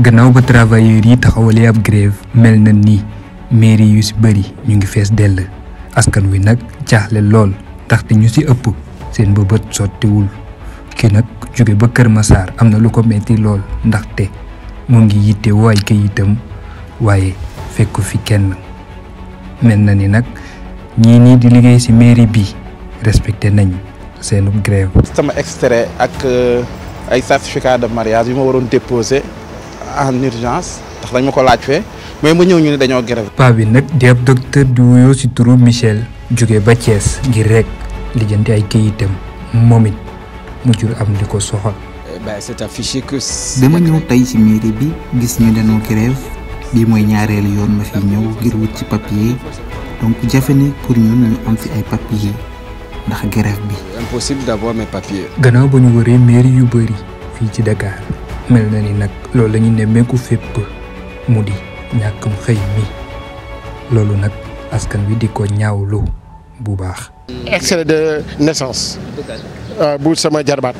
gannaaw ba travailleurs yi taxawalee ab grève mel na ni mairie yu si bëri ñu ngi fees dell askan wi nag jaaxle lool ndaxte ñu si ëpp seen bëbët sottiwul ki nag jóge ba Kër Massar am na lu ko metti lool ndaxte mu ngi yitte waay kayitam waaye fekku fi kenn mel na ni nag ñii nii di liggéey si mairie bi respecté nañ seen grève sama extrait ak euh, ay certificat de mariage yu ma waroon déposé en urgence ndax dañ ma ko laaj fee mais ma ñëw ñu ne dañoo grève. bi nag di ab docteur di wuyoo ci turu Michel jóge ba Thiès ngir rek lijjanti ay këyitam moom mu jur am li ko soxal. Eh c'est affiché que. dama ñëw tey ci mairie bi gis ñu dañoo grève bi mooy ñaareel yoon ma fi ñëw ngir wut ci papier donc jafe na pour ñun ñu am fi ay papier ndax grève bi. gannaaw ba ñu wëree mairie yu bëri fii ci Dakar. mel na ni nag loolu la ñu nemmeeku fépp mu di mi lolou nak askan wi diko ñaawlu bu baax. excès de naissance. Euh, bu sama jarbat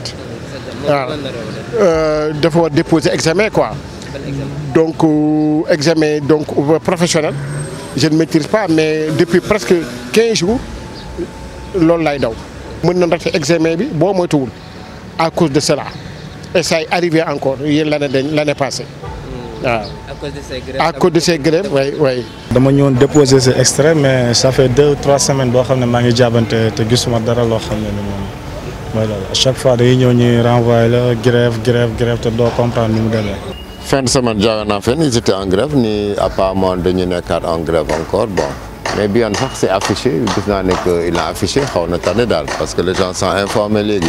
euh dafa déposer examen quoi. donc euh, examen donc professionnel. je ne maîtrise pas mais depuis presque quinze jours lolou lay daw. mën na ndaxte examen bi bo moytuul à cause de cela et ça est arrivé encore l'année passée. Hmm. Ah. À cause de ces grèves À cause de ces grèves, oui. oui. dama déposé ces extraits, mais ça fait deux trois semaines que je ne maa ngi jaabante te gisuma dara chaque fois dañuy ñëw ñuy renvoyer la grève grève grève te doo comprendre ni fin de semaine fait. ils étaient en grève ni apparemment dañu nekkaat en grève encore bon mais bien sûr, c'est affiché il a affiché xaw na tardé parce que les gens sont informés gens.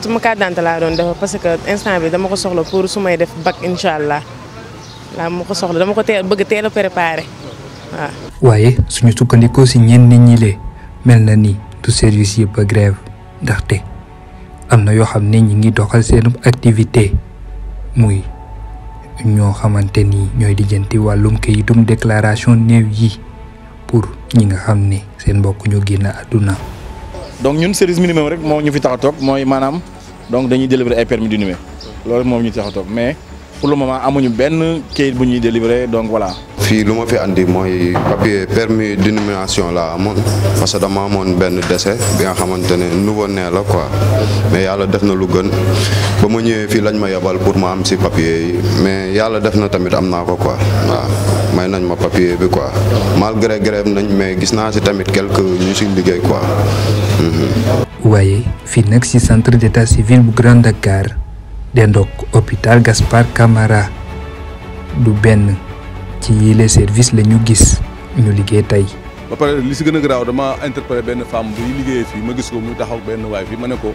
sama carte d'identité laa doon defar parce que instant bi dama ko soxla pour su may def bag incha allah laa ma ko soxla dama ko teel bëgg teel a préparé waaw. waaye suñu sukkandikoo si ñenn nit ñi lee mel na ni du service yëpp a ndaxte am na yoo xam ne ñi ngi doxal seen activité muy ñoo xamante ni ñooy lijjanti wàllum kayitum déclaration néew yi pour ñi nga xam ne seen mbokk ñu génn àdduna. donc ñun service minimum rek moo ñu fi tax mooy maanaam donc dañuy délivrer ay permis d'inhumer loolu moom ñu tax a toog mais pour le moment amuñu benn kayit bu ñuy délivrer donc voilà fi luma fi andi moy papier permis d'inhumation la amone parce que dama amone ben décès bi nga xamantene nouveau né la quoi mais yalla def na lu gën ba ma ñëwee fii lañ ma yabal pour ma am ci papier yi mais yalla def na tamit amna ko quoi wa may nañ ma papier bi quoi malgré grève nañ mais gis na ci tamit quelque ñu ci liggéey quoi. hmm waaye fi nak ci centre d'état civil bu Grand Dakar dendok hôpital gaspar Camara du benn. les services la ñu gis ñu liggéey tay ba pare li ci gëna graw dama interpeller ben femme bu ñu fi ma gis ko muy taxaw ben waay fi mané ko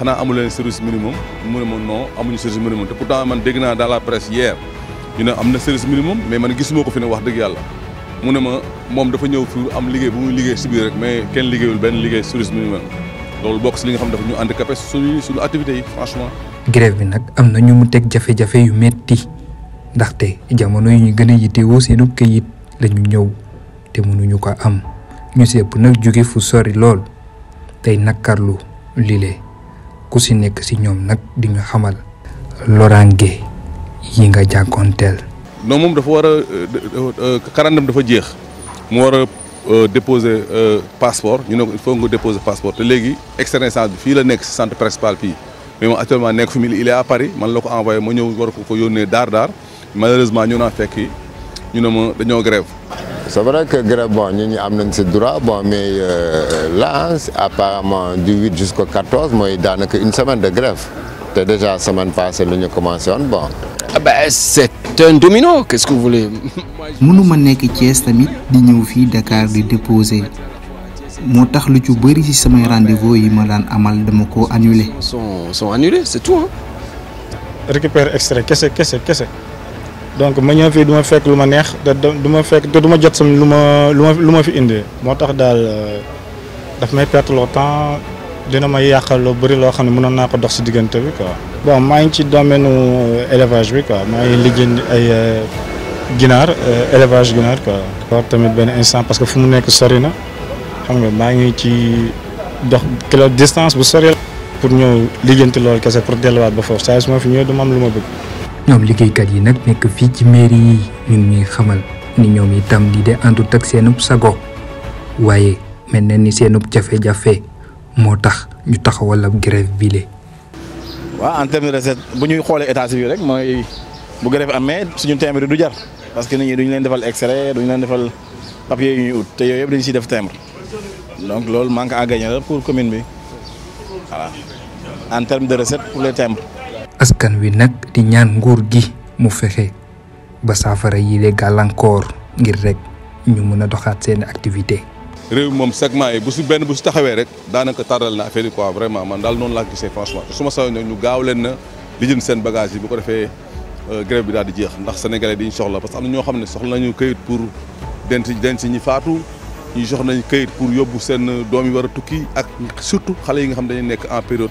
xana amu leen service minimum mu ne mo non amuñu service minimum té pourtant man dégg na dans la presse hier ñu né amna service minimum mais man gisuma ko fi ne wax dëgg yàlla. mu ne ma mom dafa ñëw fi am liggéey bu muy liggéey si biir rek mais kenn liggéeyul ben liggéey service minimum loolu bokk si li nga xam dafa ñu handicapé suñu suñu activité yi franchement. grève bi nak amna ñu mu teg jafé jafé yu metti ndaxte jamono yi ñu gën a yittewoo seenu këyit lañu ñëw te mënuñu ko am ñu si ëpp nag jóge fu sori lool tey nakkarlu lile ku si nekk si ñoom nag di ñu xamal loraange yi nga jànkoonteel. non moom dafa war a karandam dafa jeex mu war a euh, déposer euh, passeport ñu ne ko il faut nga déposer passeport te léegi externalisation bi fii la nekk si centre principal fii mais moom actuellement nekk fi mu il est Paris man la ko envoyé ma ñëw war ko ko yónnee daar daar. malheureusement nous avons fait une ñu grève. C'est vrai que grève bon ñun ñu am droit bon mais euh, là apparemment du 8 jusqu'au 14 mooy daanaka une semaine de grève C'est déjà semaine passée nous ñu commencé ah ben, C'est bon. bah un domino quest ce que vous voulez. mënuma nekk Thiès tamit di ñëw fii Dakar di déposer Mon tax lu ci si rendez-vous yi ma daan amal dama annulé. sont sont annulés c'est tout hein? récupère extrait qu'est-ce quest qu'est-ce que c'est donc ma ñëw fii du ma fekk lu ma neex te du ma fekk te duma jot sam lu ma lu ma lu ma fi indi moo tax daal euh, daf may perte temps dina may yàqal lu bëri loo xam ne mënoon naa ko dox si diggante bi quoi. bon maa ngi ci domaine euh, élevage bi quoi maa ngi liggéey ay euh, ginaar élevage ginaar quoi. war tamit benn instant parce que fu mu nekk sori na xam nga maa ngi ci dox kilo distance bu sori pour ñëw liggéeyanti loolu kese pour delluwaat ba foofu saa su ma fi ñëwee du ma am lu ma bëgg. liggéey kat yi nak nek fi ci mairie yi ñu ngi xamal ni ñoom itam di dé andu tak seenub sago wayé mel na ni seenub jafé jafé motax ñu taxawal ab grève bile. wa en terme de recette bu ñuy xolé état civil rek moy bu grève amé suñu témbre du jar parce que nit ñi duñ leen defal extrait duñ leen defal papier yu ñu ut té yooyu dañ ci def témbre donc lool manque à gagner pour commune bi voilà en terme de recette pour les témbres askan wi nak di ñaan nguur gi mu fexé ba saafara yi lé gal encore ngir rek ñu mëna doxat doxaat seen activité réew mom segment yi bu su benn bu su taxawé rek daanaka taral na affaire quoi vraiment man dal non la gisee franchement suma su saw nag ñu gaaw leen na li jënd seen bagage yi bu ko défé euh, grève bi daal di jeex ndax sénégalais dañu soxla parce que amna na ñoo xam soxla nañu këyit pour dent dent ñi faatu ñu jox nañ këyit pour yóbbu seen doomi wara tukki ak surtout xalé yi nga xam dañuy nekk en période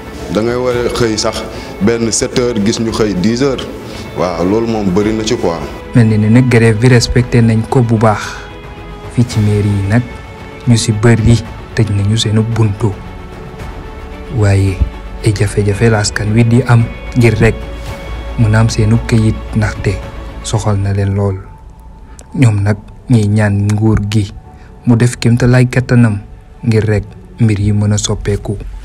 da ngay war a xëy sax benn sept gis ñu xëy dix heures waaw loolu moom bëri ci quoi. mel ni nag grève bi respecté nañ ko bu baax fi ci mairie yi nag ñu si bëri tëj nañu seenu buntu waaye ay jafe-jafe laaskan wi di am ngir rek mun am seenu këyit ndaxte soxal na leen lool ñoom nag ñuy ñaan nguur gi mu def kéem te lay kattanam ngir rek mbir yi mën a soppeeku.